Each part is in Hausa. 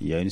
Eh,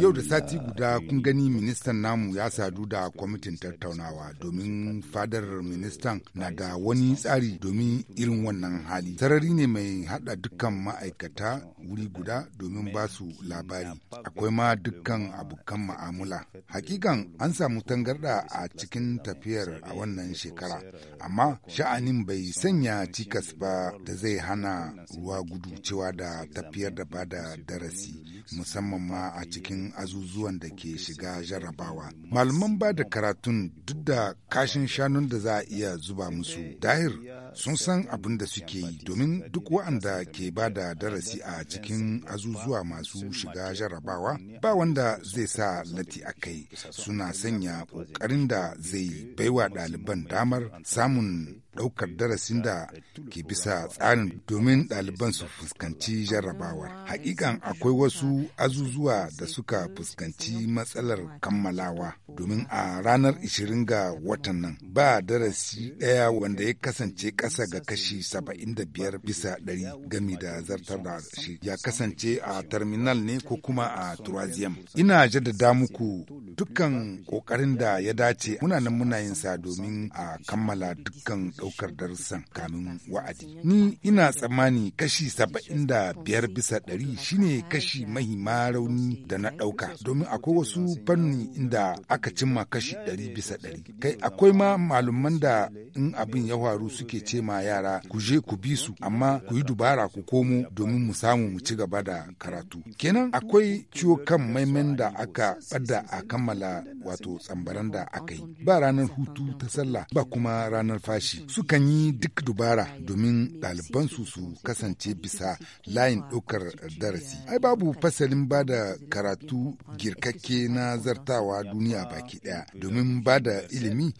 Yau da sati guda eh, kun gani ministan namu ya sadu da kwamitin tattaunawa domin fadar ministan na da wani tsari domin irin wannan hali. Sarari ne mai hada dukkan ma'aikata wuri guda domin ba su labari. Akwai ma dukkan abokan ma'amula. Hakikan an samu tangarda a cikin tafiyar a wannan shekara, amma sha'anin bai sanya cikas ba da zai hana ruwa gudu cewa da tafiyar da ba da darasi musamman ma a cikin azuzuwan da ke shiga jarrabawa. Malaman ba da karatun duk da kashin shanun da za a iya zuba musu dahir sun san abin da suke yi domin duk wa'anda ke ba da darasi a cikin azuzuwa masu shiga jarrabawa ba wanda zai sa lati a kai suna sanya ƙoƙarin da zai baiwa ɗaliban damar samun ɗaukar eh, eh, darasin da ke bisa tsarin domin ɗaliban su fuskanci jarrabawar. Hakikan akwai wasu azuzuwa da suka fuskanci matsalar kammalawa domin a ranar 20 ga watan nan ba darasi ɗaya wanda ya kasance ƙasa ga kashi 75 bisa ɗari gami da zartar da shi ya kasance a terminal ne ko kuma a turaziyam. Ina jaddada muku dukkan ƙoƙarin da ya dace muna nan muna yin sa domin a kammala dukkan ɗaukar darussan kanun wa'adi. Ni ina tsammani kashi saba'in da biyar bisa ɗari shine kashi mahi rauni da na ɗauka domin akwai wasu fanni inda aka cimma kashi ɗari bisa ɗari. Kai akwai ma malaman da in abin ya faru suke ce ma yara ku je ku bi su amma ku yi dubara ku komo domin mu samu mu ci gaba da karatu. Kenan akwai ciwo kan maimain da aka bada a kammala wato tsambaran da aka yi. Ba ranar hutu ta sallah ba kuma ranar fashi. sukan yi duk dubara domin ɗalibansu su su kasance bisa layin ɗaukar darasi. Ai babu fasalin ba da karatu girkakke na zartawa duniya baki ɗaya domin ba da ilimi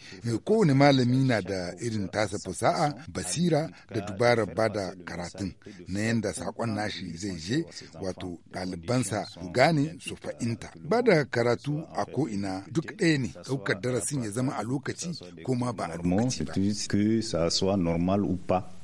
kowane malami na da irin tasa fasa'a basira da dubara ba da karatun na yadda saƙon nashi zai je wato ɗalibansa su gane su fa'inta. Ba da karatu a ko'ina duk ɗaya ne ɗaukar darasin ya zama a lokaci ko ma ba a lokaci ba. ça soit normal ou pas.